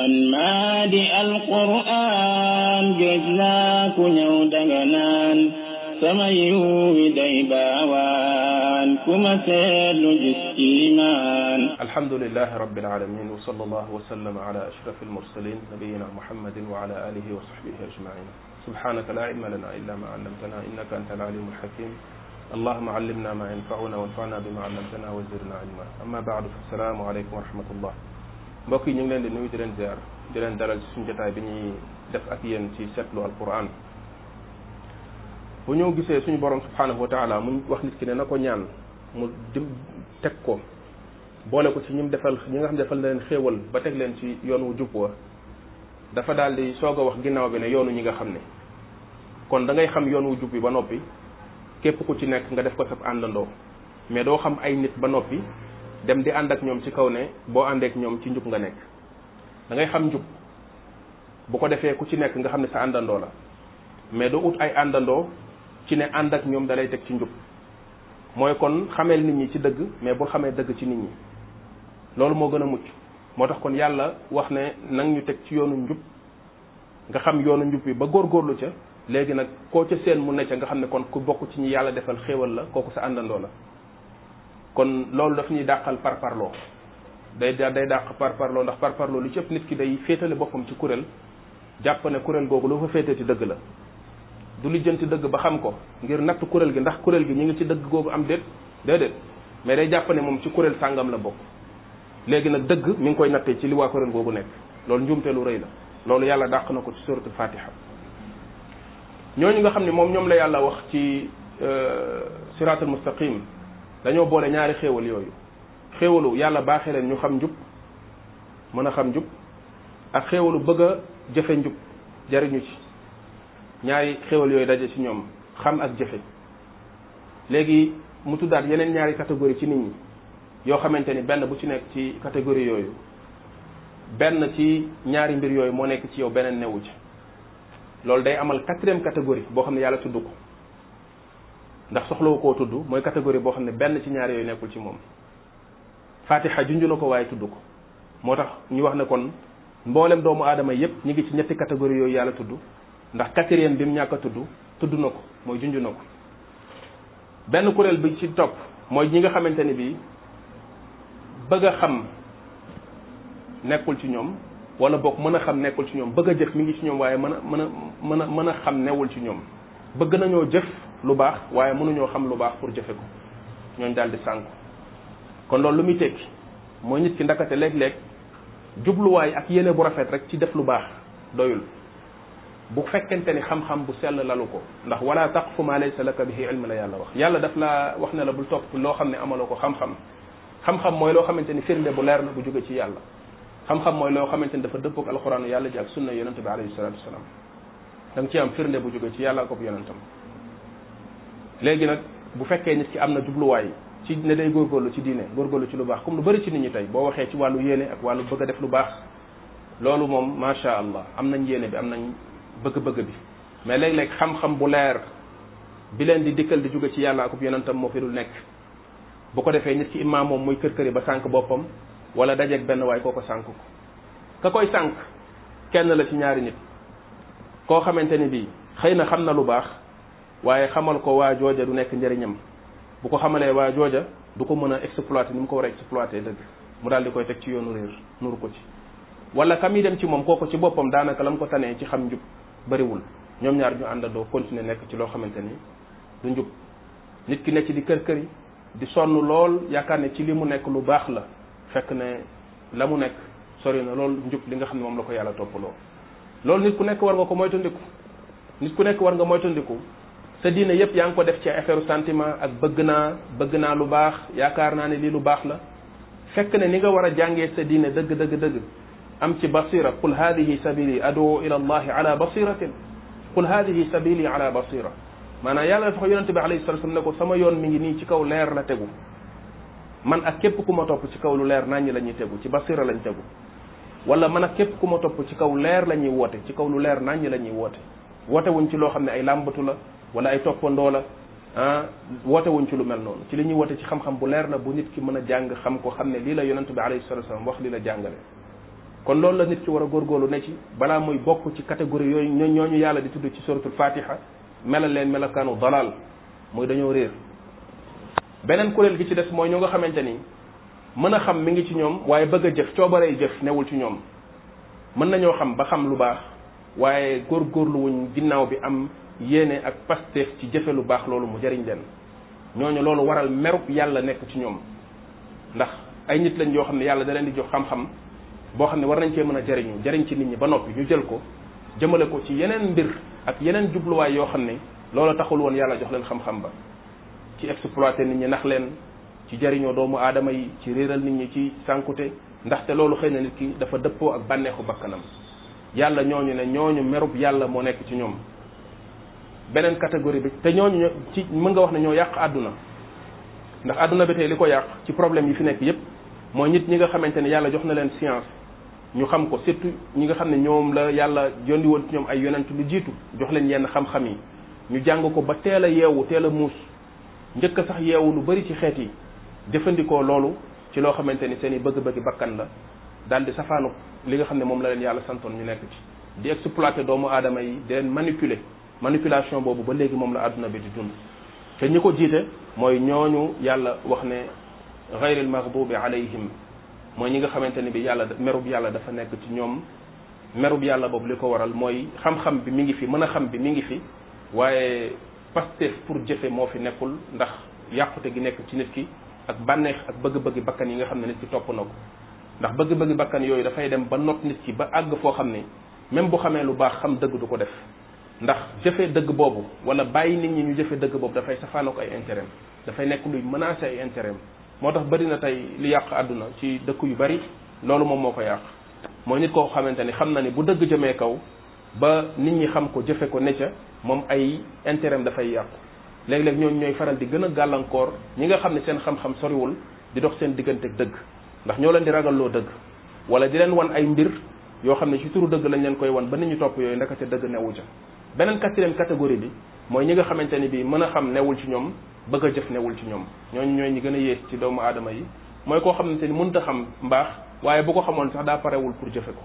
من مادئ القرآن جزاك كنيو فمن سميو ديباوان كما سيد جسيمان الحمد لله رب العالمين وصلى الله وسلم على أشرف المرسلين نبينا محمد وعلى آله وصحبه أجمعين سبحانك لا علم لنا إلا ما علمتنا إنك أنت العليم الحكيم اللهم علمنا ما ينفعنا وانفعنا بما علمتنا وزرنا علما أما بعد فالسلام عليكم ورحمة الله mbokk yi ñu ngi leen di nuyu di leen ziar di leen dalal ci suñu bi ñuy def ak yéen ci seetlu alquran bu ñëw gisee suñu borom subhanahu wa taala mu wax nit ki ne na ko ñaan mu dim teg ko boole ko ci ñu defal ñi nga xam ne defal na leen xéewal ba teg leen ci yoon wu jub wa dafa daal di soog a wax ginnaaw bi ne yoonu ñi nga xam ne kon da ngay xam yoon wu jub wi ba noppi képp ku ci nekk nga def ko sab àndandoo mais doo xam ay nit ba noppi dem di ànd ak ñoom ci kaw ne boo àndeek ñoom ci njub nga nekk da ngay xam njub bu ko defee ku ci nekk nga xam ne sa àndandoo la mais doo ut ay àndandoo ci ne ànd ak ñoom dalay teg ci njub mooy kon xameel nit ñi ci dëgg mais bul xamee dëgg ci nit ñi loolu moo gën a mucc moo tax kon yàlla wax ne nang ñu teg ci yoonu njub nga xam yoonu njub bi ba góorgóorlu ca léegi nag koo ca seen mu ne ca nga xam ne kon ku bokk ci ñi yàlla defal xéewal la kooku sa àndandoo la kon loolu daf ñuy dàqal par parloo day da day dàq par parloo ndax par parloo lu ci ëpp nit ki day féetale boppam ci kuréel jàpp ne kuréel googu lu fa féetati dëgg la du lijjanti dëgg ba xam ko ngir natt kuréel gi ndax kuréel gi ñu ngi ci dëgg googu am déet déedéet mais day jàpp ne moom ci kuréel sàngam la bokk léegi nag dëgg mu ngi koy nattee ci liwaa waa kuréel googu nekk loolu njuumte lu rëy la loolu yàlla dàq na ko ci suratul fatiha ñooñu nga xam ne moom ñoom la yàlla wax ci euh, siratul mustaqim dañoo boole ñaari xéewal yooyu xéewalu yàlla baaxee leen ñu xam njub mën a xam njub ak xéewalu bëgg a jëfe njub jariñu ci ñaari xéewal yooyu daje ci ñoom xam ak jëfe léegi mu tuddaat yeneen ñaari catégorie ci nit ñi yoo xamante ni benn bu ci nekk ci catégorie yooyu benn ci ñaari mbir yooyu moo nekk ci yow beneen newu ci loolu day amal quatrième catégorie boo xam ne yàlla tudd ko ndax soxlawu koo tudd mooy catégorie boo xam ne benn ci ñaar yooyu nekkul ci moom fatiha junj na ko waaye tudd ko moo tax ñu wax ne kon mboolem doomu aadama yépp ñu ngi ci ñetti catégorie yooyu yàlla tudd ndax quatrième bi mu ñàkk a tudd tudd na ko mooy junj na ko benn kuréel bi ci topp mooy ñi nga xamante ni bii bëgg a xam nekkul ci ñoom wala boog mën a xam nekkul ci ñoom bëgg a jëf mi ngi ci ñoom waaye mën a mën a mën a mën a xam newul ci ñoom bëgg nañoo jëf lu baax waaye ñoo xam lu baax pour jëfe ko ñooñ daal di sànku kon loolu lu muy tekki mooy nit ki ndakate léeg-léeg jubluwaay ak yéene bu rafet rek ci def lu baax doyul bu fekkente ni xam-xam bu sell lalu ko ndax wala taqfu ma laysa laka bihi ilm la yàlla wax yàlla daf laa wax ne la bul topp loo xam ne amaloo ko xam-xam xam-xam mooy loo xamante ni firnde bu leer na bu jóge ci yàlla xam-xam mooy loo xamante ni dafa dëppoog alxuraanu yàlla ji ak sunna yonente bi alayhi salatu wasalaam da nga ci am firnde bu jóge ci yàlla ak yonentam léegi nag bu fekkee nit ki am na jubluwaay ci ne day góorgóorlu ci diine góorgóorlu ci lu baax comme lu bari ci nit ñi tey boo waxee ci wàllu yéene ak wàllu bëgg a def lu baax loolu moom macha allah am nañ yéene bi am nañ bëgg-bëgg bi mais léeg-léeg xam-xam bu leer bi leen di dikkal di jóge ci yàlla yeneen yonentam moo fi dul nekk bu ko defee nit ki imaam moom muy kër kër ba sànq boppam wala dajeeg benn waay kooko sànq ko ka koy sànq kenn la ci ñaari nit koo xamante ni bii xëy na xam na lu baax waaye xamal ko waa jooja du nekk njëriñam bu ko xamalee waa jooja du ko mën a exploité ni mu ko war a exploiter dëgg mu daal koy teg ci yoonu réer nuru ko ci wala kam yi dem ci moom kooku ci boppam daanaka la mu ko tanee ci xam njub bariwul ñoom ñaar ñu àndandoo continuer nekk ci loo xamante ni du njub nit ki nekk di kër kër yi di sonn lool yaakaar ne ci li mu nekk lu baax la fekk ne la mu nekk sori na lool njub li nga xam ne moom la ko yàlla toppaloo loolu nit ku nekk war nga ko moytandiku nit ku nekk war nga moytandiku sa diine yépp yaa ngi ko def ci affaire sentiment ak bëgg naa bëgg naa lu baax yaakaar naa ne lii lu baax la fekk ne ni nga war a jàngee sa diine dëgg dëgg dëgg am ci basira qul hadihi sabili adoo ila allahi ala basiratin qul hadihi sabili ala basira maanaam yàlla dafa ko yonente bi alayhi salatu ne ko sama yoon mi ngi nii ci kaw leer la tegu man ak képp ku ma topp ci kaw lu leer naññi la ñuy tegu ci basira lañ tegu wala man ak képp ku ma topp ci kaw leer la ñuy woote ci kaw lu leer naññi la ñuy woote woote ci loo xam ne ay làmbatu la wala ay toppandoo la ah woote wuñ ci lu mel noonu ci li ñuy woote ci xam-xam bu leer na bu nit ki mën a jàng xam ko xam ne lii la yonent bi alayhi salatu wasallam wax lii la jàngale kon loolu la nit ki war a góorgóorlu ne ci balaa muy bokk ci catégorie yooyu ñoo ñu yàlla di tudd ci suratul fatiha melal leen melakaanu dalal muy dañoo réer beneen kuréel gi ci des mooy ñu nga xamante ni mën a xam mi ngi ci ñoom waaye bëgg a jëf coobaree jëf newul ci ñoom mën nañoo xam ba xam lu baax waaye góor góorluwuñ ginnaaw bi am yéene ak pasteef ci jëfe lu baax loolu mu jariñ leen ñooñu loolu waral merub yàlla nekk ci ñoom ndax ay nit lañ yoo xam ne yàlla daleen di jox xam-xam boo xam ne war nañ cee mën a jariñu jariñ ci nit ñi ba noppi ñu jël ko jëmale ko ci yeneen mbir ak yeneen jubluwaay yoo xam ne loola taxul woon yàlla jox leen xam-xam ba ci exploité nit ñi nax leen ci jariñoo doomu aadama yi ci réeral nit ñi ci sànkute ndaxte loolu xëy na nit ki dafa dëppoo ak bànneexu bakkanam yàlla ñooñu ne ñooñu merub yàlla moo nekk ci ñoom beneen catégorie bi te ñooñu ci mën nga wax ne ñoo yàq àdduna ndax àdduna bi tey li ko yàq ci problème yi fi nekk yépp mooy nit ñi nga xamante ne yàlla jox na leen science ñu xam ko surtout ñi nga xam ne ñoom la yàlla jondi ci ñoom ay yonent lu jiitu jox leen yenn xam-xam yi ñu jàng ko ba teel a yeewu teel a muus njëkk sax yeewu lu bari ci xeet yi jëfandikoo loolu ci loo xamante ni seen i bëgg-bëggi la daal di safaanu li nga xam ne moom la leen yàlla santoon ñu nekk ci di exploiter doomu aadama yi di manipuler manipulation boobu ba léegi moom la àdduna bi di dund te ñi ko jiite mooy ñooñu yàlla wax ne gayril maghdubi alayhim mooy ñi nga xamante ni bi yàlla merub yàlla dafa nekk ci ñoom merub yàlla boobu li waral mooy xam-xam bi mi ngi fi mën xam bi mi ngi fi waaye pastef pour jëfe moo fi nekkul ndax yàqute gi nekk ci nit ki ak bànneex ak bëgg-bëgg bakkan yi nga xam ne nit ki ndax bëgg-bëgg bakkan yooyu dafay dem ba not nit ki ba àgg foo xam ne même bu xamee lu baax xam dëgg du ko def ndax jëfe dëgg boobu wala bàyyi nit ñi ñu jëfe dëgg boobu dafay safaanoo ay intérêt dafay nekk luy menacer ay intérêt moo tax bari na tey lu yàq àdduna ci dëkk yu bari loolu moom moo ko yàq mooy nit koo xamante ni xam na ni bu dëgg jëmee kaw ba nit ñi xam ko jëfe ko ne ca moom ay intérêt dafay yàqu léeg-léeg ñooñu ñooy faral di gën a gàllankoor ñi nga xam ne seen xam-xam di dox seen diggante dëgg ndax ñoo leen di ragalloo dëgg wala di leen wan ay mbir yoo xam ne ci turu dëgg lañ leen koy wan ba nit ñu topp yooyu ndekete dëgg newu ca beneen quatrième catégorie bi mooy ñi nga xamante ni bii mën a xam newul ci ñoom bëgg a jëf newul ci ñoom ñooñu ñooy ñi gën a yées ci doomu aadama yi mooy koo xamante ni mënut a xam mbaax waaye bu ko xamoon sax daa parewul pour jëfe ko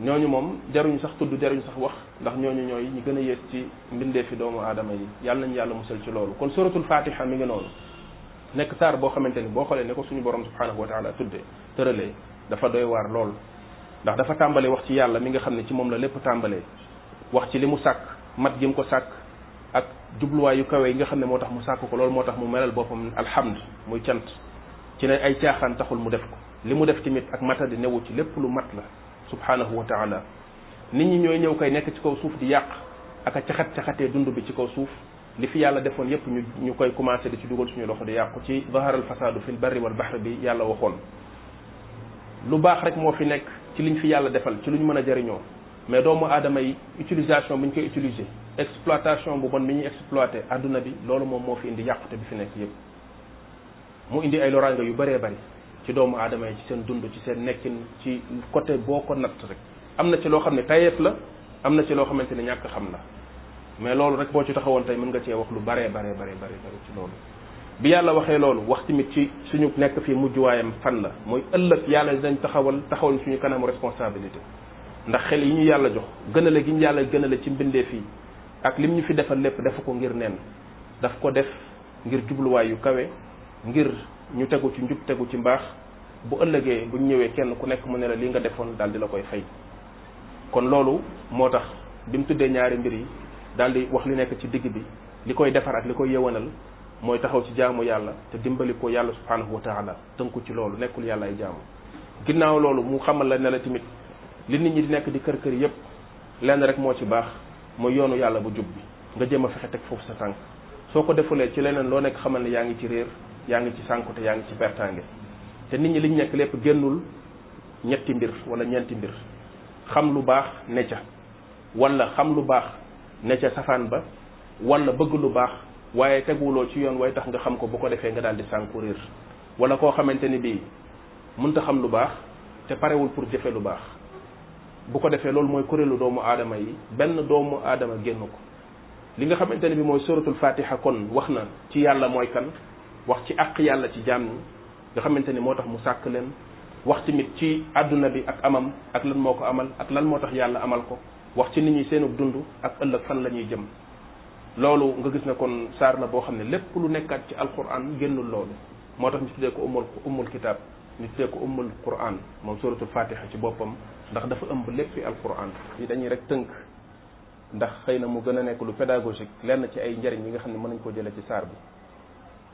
ñooñu moom jaruñu sax tudd jaruñu sax wax ndax ñooñu ñooy ñi gën a yées ci mbindeefi doomu aadama yi yàlla nañu yàlla musal ci loolu kon suratul fatiha mi ngi noonu nekk saar boo xamante ni boo xoolee ne ko suñu borom subhanahu wa taala tudde tëralee dafa doy waar lool ndax dafa tàmbalee wax ci yàlla mi nga xam ne ci moom la lépp tàmbalee wax ci li mu sàkk mat gi mu ko sàkk ak jubluwaay yu kawe yi nga xam ne moo tax mu sàkk ko loolu moo tax mu melal boppam alhamd muy cant ci ne ay caaxaan taxul mu def ko li mu def tamit ak mata di newu ci lépp lu mat la subhanahu wa taala nit ñi ñooy ñëw kay nekk ci kaw suuf di yàq ak a caxat caxatee dund bi ci kaw suuf li fi yàlla defoon yépp ñu ñu koy commencé di ci dugal suñu loxo di yàqu ci zaharal fasaadu fil barri wal bahri bi yàlla waxoon lu baax rek moo fi nekk ci liñ fi yàlla defal ci lu ñu mën a jariñoo mais doomu aadama yi utilisation bi ñu koy utiliser exploitation bu bon bi ñuy exploité adduna bi loolu moom moo fi indi yàqute bi fi nekk yépp mu indi ay loraange yu baree bëri ci doomu aadama yi ci seen dund ci seen nekkin ci côté boo ko natt rek am na ci loo xam ne tayeef la am na ci loo xamante ne ñàkk xam la mais loolu rek boo ci taxawoon tey mën nga cee wax lu baree baree baree baree bare bi yàlla waxee loolu wax tamit ci suñu nekk fii mujjuwaayam fan la mooy ëllëg yàlla dañ taxawal taxawal suñu kanamu responsabilité ndax xel yi ñu yàlla jox gënale gi ñu yàlla gënale ci mbindee fii ak lim ñu fi defal lépp dafa ko ngir nen daf ko def ngir jubluwaay yu kawe ngir ñu tegu ci njub tegu ci mbaax bu ëllëgee bu ñu ñëwee kenn ku nekk mu ne la li nga defoon daal di la koy fay kon loolu moo tax bi tuddee ñaari mbir yi daal di wax li nekk ci digg bi li koy defar ak li koy yëwanal mooy taxaw ci jaamu yàlla te dimbali ko yàlla subhanahu wa taala tënku ci loolu nekkul yàlla ay jaamu ginnaaw loolu mu xamal la ne la tamit li nit ñi di nekk di kër kër yépp lenn rek moo ci baax mooy yoonu yàlla bu jub bi nga jéem a fexe teg foofu sa tànk soo ko defulee ci leneen loo nekk xamal ne yaa ngi ci réer yaa ngi ci sànku yaa ngi ci pertaange te nit ñi li ñu nekk lépp génnul ñetti mbir wala ñeenti mbir xam lu baax ne ca wala xam lu baax ne ca safaan ba wala bëgg lu baax waaye teguwuloo ci yoon way tax nga xam ko bu ko defee nga daal di sànku wala koo xamante ni bii mënta xam lu baax te parewul pour jëfe lu baax bu ko defee loolu mooy kurelu doomu aadama yi benn doomu aadama génn ko li nga xamante bi mooy suratul fatiha kon wax na ci yàlla mooy kan wax ci àq yàlla ci jàmm nga xamante ni moo tax mu sàkk leen wax tamit ci àdduna bi ak amam ak lan moo ko amal ak lan moo tax yàlla amal ko wax ci nit ñi seenu dund ak ëllëg fan la ñuy jëm loolu nga gis ne kon saar la boo xam ne lépp lu nekkaat ci alquran génnul loolu moo tax ñu tuddee ko ummul ummul kitaab ñu tuddee ko ummul quran moom suratul fatiha ci boppam ndax dafa ëmb lépp léppi alquran yi dañuy rek tënk ndax xëy na mu gën a nekk lu pédagogique lenn ci ay njëriñ yi nga xam ne mën nañ koo jëlee ci saar bi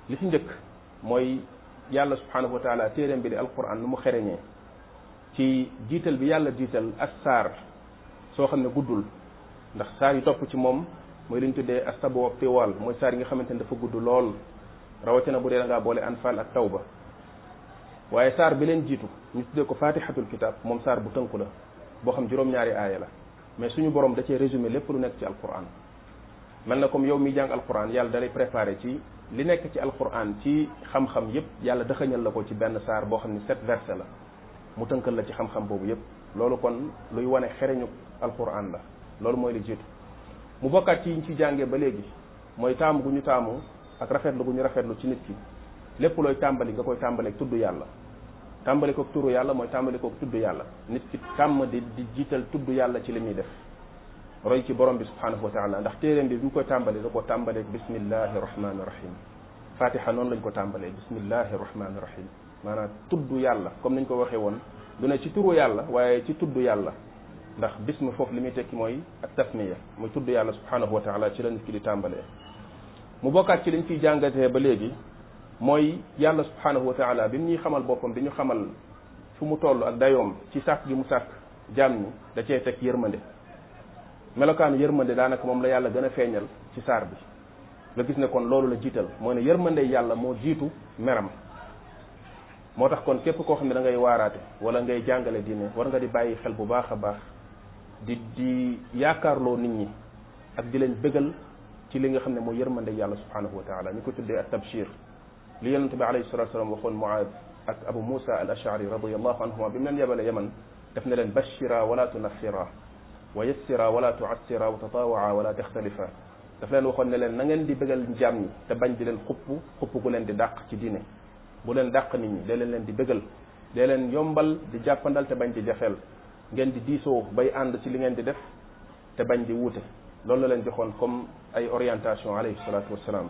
li ci njëkk mooy yàlla subhanahu wa taala téeréem bi di alquran nu mu xereñee ci jiital bi yàlla jiital ak saar soo xam ne guddul ndax saar yi topp ci moom mooy li ñu tuddee astabu wa tiwaal mooy saar yi nga xamante ne dafa gudd lool rawatina bu dee da ngaa boole anfaal ak tawba waaye saar bi leen jiitu ñu tuddee ko fatihatul kitab moom saar bu tënk la boo xam juróom-ñaari aaya la mais suñu borom da cee résumé lépp lu nekk ci alquran mel na comme yow mi jàng alquran yàlla dalay préparé ci li nekk ci al alquran ci xam-xam yépp yàlla dëxañal la ko ci benn saar boo xam ne sept versets la mu tënkal la ci xam boobu yépp loolu kon luy wane xereñu alquran la loolu mooy li mu bokkaat ci yiñ ci jàngee ba léegi mooy taamu gu ñu taamu ak rafetlu gu ñu rafetlu ci nit ki lépp looy tàmbali nga koy tàmbaleeg tudd yàlla tàmbali koog turu yàlla mooy tàmbali kook tudd yàlla nit ki tàmm di di jiital tudd yàlla ci li muy def roy ci borom bi subhanahu wa taala ndax téeréem bi bi mu koy tàmbali da ko tàmbaleeg bismillahi rahmani rahim fatiha noonu lañ ko tàmbalee bismillahi rahmani rahim maanaa tudd yàlla comme niñ ko waxee woon du ne ci turu yàlla waaye ci tudd yàlla ndax bismu foofu li muy tekki mooy ak tasmiya muy tudd yàlla subhanahu wa ci la nit ki di tàmbalee mu bokkaat ci liñ ciy jàngatee ba léegi mooy yàlla subhanahu wa taala bi mu ñuy xamal boppam di ñu xamal fu mu toll ak dayoom ci sàkk gi mu sàkk jaam ñi da cee teg yërmande melokaanu yërmande daanaka moom la yàlla gën a feeñal ci saar bi nga gis ne kon loolu la jiital moo ne yërmande yàlla moo jiitu meram moo tax kon képp koo xam ne da ngay waaraate wala ngay jàngale diine war nga di bàyyi xel bu baax a baax di di yaakaarloo nit ñi ak di leen bégal ci li nga xam ne mooy yërmande yàlla subhanahu wa taala ñu ko tuddee ak tabshir li yonente bi alayhi salatu wasalam waxoon muad ak abu musa al ashari radiallahu anhuma bi mu leen yebale yaman def na leen bashira wala wa yassira wala tuassira wa tatawaa wala taxtalifa daf leen waxoon ne leen na ngeen di bégal jaam ñi te bañ di leen xupp xupp ku leen di dàq ci diine bu leen dàq nit ñi dee leen leen di dee leen yombal di jàppandal te bañ di jafeel ngeen di diisoo bay ànd ci li ngeen di def te bañ di wuute loolu la leen joxoon comme ay orientation alayhi salaatu wassalaam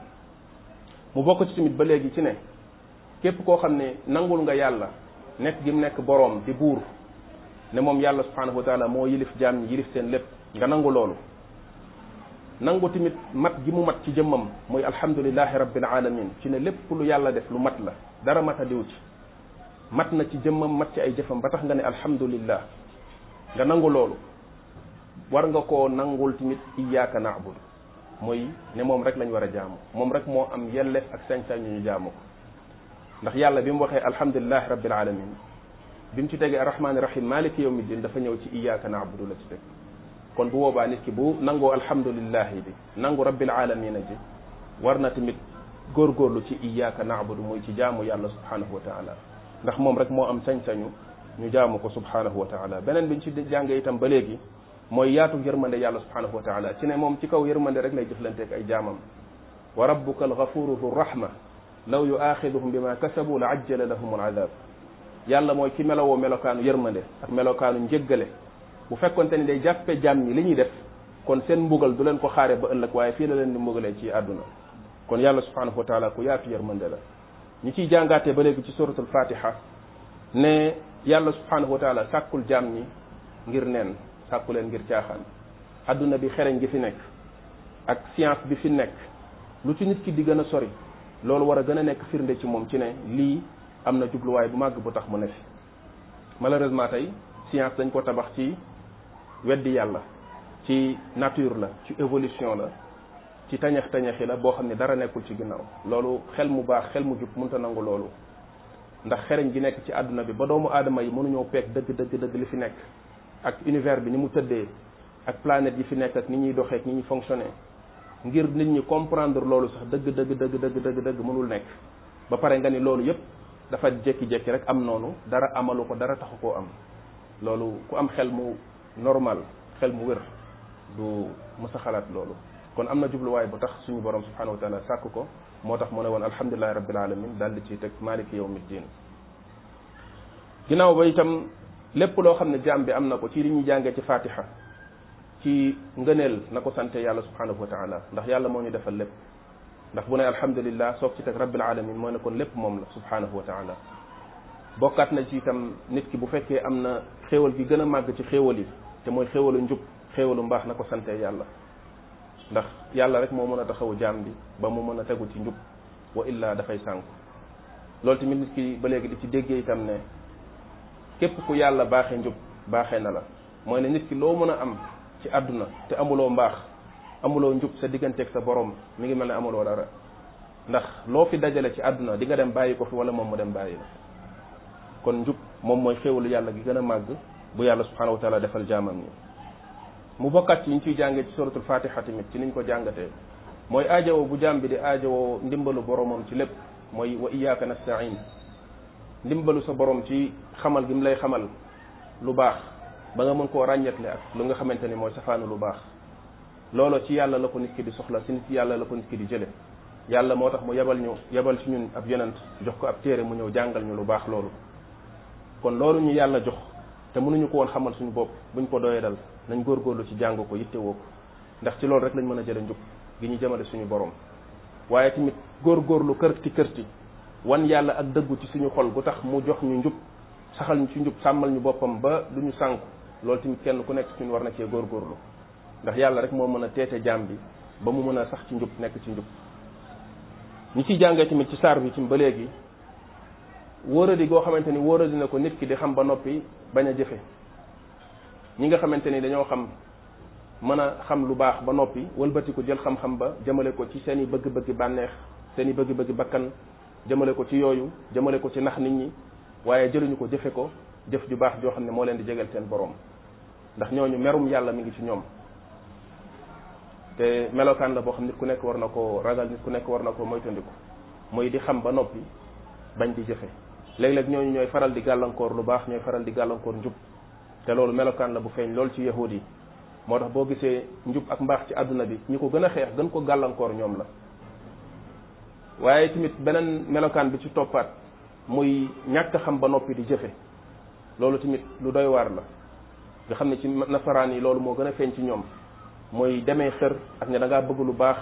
mu bokk ci tamit ba léegi ci ne képp koo xam ne nangul nga yàlla nekk gi mu nekk boroom di buur ne moom yàlla subhanahu wa moo yilif jaam ñi yilif seen lépp nga nangu loolu nangu tamit mat gi mu mat ci jëmmam muy alhamdulilahi rabbil alamin ci ne lépp lu yàlla def lu mat la dara mat a diw ci mat na ci jëmmam mat ci ay jëfam ba nga ne alhamdulillah nga nangu loolu war nga ko nangul tamit iyyaka na'budu mooy ne moom rek lañ war a jaamu moom rek moo am yelleef ak sañ-sañ ñu ñu jaamu ko ndax yàlla bi mu waxee alhamdulilahi rabbil alamin bi mu ci tegee arrahmaani rahim maliki yawmi din dafa ñëw ci iyyaka na'budu la ci teg kon bu boobaa nit ki bu nangoo alhamdulilahi bi nangu rabbil alamina ji war na tamit góorgóorlu ci iyyaka na'budu muy ci jaamu yàlla subhanahu wa taala ndax moom rek moo am sañ ñu jaamu ko subhanahu wa taala beneen bi ñu ci jàngee itam ba léegi mooy yaatu yërmande yàlla subhanahu wa taala ci ne moom ci kaw yërmande rek lay jëflanteeg ay jaamam wa rabbuka algafuru du rahma law yuaxiduhum bima kasabu la ajjala lahum alazab yàlla mooy ki melowoo melokaanu yërmande ak melokaanu njëggale bu fekkonte ni day jàppe jaam ñi li ñuy def kon seen mbugal du leen ko xaare ba ëllëg waaye fii la leen di mbugalee ci àdduna kon yàlla subhanahu wa taala ku yaatu yërmande la ñu ciy jàngaatee ba léegi ci suratul fatiha ne yàlla subhanahu wa taala sàkkul jaam ñi ngir neen sàkku leen ngir caaxaan adduna bi xereñ gi fi nekk ak science bi fi nekk lu ci nit ki di gën a sori loolu war a gën a nekk firnde ci moom ci ne lii am na jubluwaay bu màgg bu tax mu ne fi malheureusement tey science dañ ko tabax ci weddi yàlla ci nature la ci évolution la ci tañax tañaxi la boo xam ne dara nekkul ci ginnaaw loolu xel mu baax xel mu jub mënta nangu loolu ndax xereñ gi nekk ci àdduna bi ba doomu aadama yi mënuñoo peeg dëgg dëgg dëgg li fi nekk ak univers bi ni mu tëddee ak planète yi fi nekk ak ni ñuy doxee ak ni ñuy fonctionner ngir nit ñi comprendre loolu sax dëgg dëgg dëgg dëgg dëgg dëgg mënul nekk ba pare nga ni loolu yépp dafa jékki-jékki rek am noonu dara amalu ko dara taxu koo am loolu ku am xel mu normal xel mu wér du mës xalaat loolu kon am na jubluwaay bu tax suñu borom subhanahu wa taala ko moo tax mu ne woon alhamdulilahi rabbil alamin dal di ciy teg maliki yow middin ginnaaw ba itam lépp loo xam ne jaam bi am na ko ci li ñuy jàngee ci fatiha ci ngëneel na ko sante yàlla subhanahu wa taala ndax yàlla moo ñu defal lépp ndax bu ne alhamdulillah soog ci teg rabbil alamin mooy ne kon lépp moom la subhanahu wa taala bokkaat na ci itam nit ki bu fekkee am na xéewal gi gën a màgg ci xéewal yi te mooy xéewalu njub xéewalu mbaax na ko sante yàlla ndax yàlla rek moo mën a taxawu jaam bi ba mu mën a tegu ci njub wa illaa dafay sànku loolu tamit nit ki ba léegi di ci déggee itam ne képp ku yàlla baaxee njub baaxee na la mooy ne nit ki loo mën a am ci àdduna te amuloo mbaax amuloo njub sa digganteeg sa borom mi ngi mel ne amuloo dara ndax loo fi dajale ci àdduna di nga dem bàyyi ko fi wala moom mu dem bàyyi la kon njub moom mooy xéewalu yàlla gi gën a màgg bu yàlla subhanahu wa taala defal jaamam yi mu bokkat ci ñu ciy jàngee ci suratul fatiha tamit ci niñ ko jàngatee mooy aajowoo bu jaam bi di aajowoo ndimbalu boromam ci lépp mooy wa iyyaka nasta'in ndimbalu sa borom ci xamal gi mu lay xamal lu baax ba nga mën koo ràññetle ak lu nga xamante ni mooy safaanu lu baax loolo ci yàlla la ko nit ki di soxla si nit yàlla la ko nit ki di jële yàlla moo tax mu yebal ñu yebal ci ñun ab yonent jox ko ab téere mu ñëw jàngal ñu lu baax loolu kon loolu yàlla jox te mënuñu ko woon xamal suñu bopp buñ ko doyee dal nañ góorgóorlu ci jàng ko yittewoo ko ndax ci loolu rek lañ mën a jële njub gi ñu jëmale suñu borom waaye tamit góorgóorlu kërti kërti wan yàlla ak dëggu ci suñu xol gu tax mu jox ñu njub saxal ci njub sàmmal ñu boppam ba du ñu sànku loolu tamit kenn ku nekk suñu war na cee góorlu ndax yàlla rek moo mën a teete jaam bi ba mu mën a sax ci njub nekk ci njub ñi ciy jàngee tamit ci saar bi ci ba léegi wóoradi goo xamante ni wóoradi na ko nit ki di xam ba noppi bañ a jëfe ñi nga xamante ni dañoo xam mën a xam lu baax ba noppi ko jël xam-xam ba jëmale ko ci seen i bëgg-bëggi bànneex seen i bëgg-bëggi bakkan jëmale ko ci yooyu jëmale ko ci nax nit ñi waaye jëluñu ko jëfe ko jëf ju baax joo xam ne moo leen di jegal seen borom ndax ñooñu merum yàlla mi ngi ci ñoom te melokaan la boo xam nit ku nekk war na ko ragal nit ku nekk war na ko moytandiku mooy di xam ba noppi bañ di jëfe léeg-léeg ñooñu ñooy faral di gàllankoor lu baax ñooy faral di gàllankoor njub te loolu melokaan la bu feeñ loolu ci yahud yi moo tax boo gisee njub ak mbaax ci àdduna bi ñu ko gën a xeex gën ko gàllankoor ñoom la waaye tamit beneen melokaan bi ci toppaat muy ñàkk xam ba noppi di jëfe loolu tamit lu doy waar la nga xam ne ci nasaraan yi loolu moo gën a feeñ ci ñoom mooy demee xër ak ne da ngaa bëgg lu baax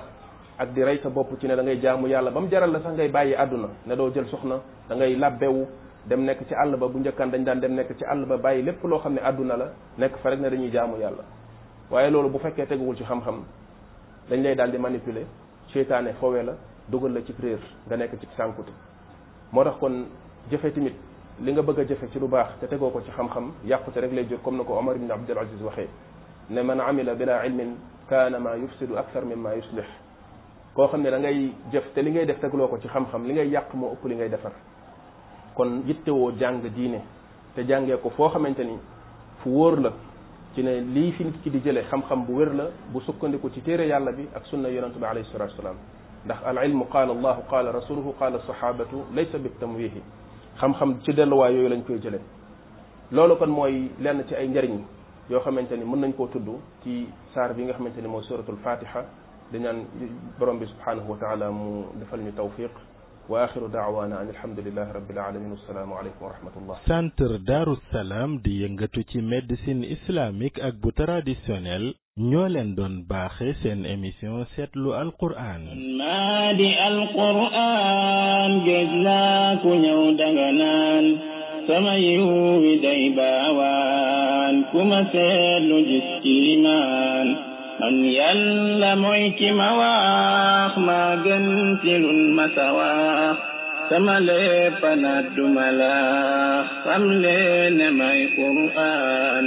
ak di rey sa bopp ci ne da ngay jaamu yàlla ba mu jaral la sax ngay bàyyi àdduna ne doo jël soxna da ngay labbewu dem nekk ci àll ba bu njëkkaan dañ daan dem nekk ci àll ba bàyyi lépp loo xam ne àdduna la nekk fa rek ne dañuy jaamu yàlla waaye loolu bu fekkee teguwul ci xam-xam dañ lay daal di manipuler seytaane fowe la dugal la ci réer nga nekk ci sànkute moo tax kon jëfe timit li nga bëgg a jëfe ci lu baax te tegoo ko ci xam-xam yàqute rek lay jur comme na ko omar ibn abdul aziz waxee ne man amila bila ilmin kaana ma yufsidu akthar mimma yuslih koo xam ne da ngay jëf te li ngay def tegloo ko ci xam-xam li ngay yàq moo ëpp li ngay defar kon yittewoo jàng diine te jàngee ko foo xamante ni fu wóor la ci ne lii fi nit ki di jëlee xam-xam bu wér la bu sukkandiku ci téere yàlla bi ak sunna yonente bi alayhi salatu wasalaam ndax al ilmu qaala allahu qaala rasuluhu qaala sahabatu laysa bi tamwihi xam-xam ci delluwaay yooyu lañ koy jëlee loolu kon mooy lenn ci ay njariñ yoo xamante ni mën nañ koo tudd ci saar bi nga xamante ni mooy suratul fatiha لنان برم سبحانه وتعالى دفلني توفيق وآخر دعوانا أن الحمد لله رب العالمين والسلام عليكم ورحمة الله سانتر دار السلام دي ينغتو تي ميدسين إسلاميك أك بوتراديسيونيل نيولن دون باخي سين إميسيون سيتلو القرآن ما دي القرآن جزاك يودغنان فمن يوهد إباوان كما سيلو جسلمان lammoy ki ma wax maa gën ci lun ma sa wax sama lépp na duma la xam leen ne may Qur'an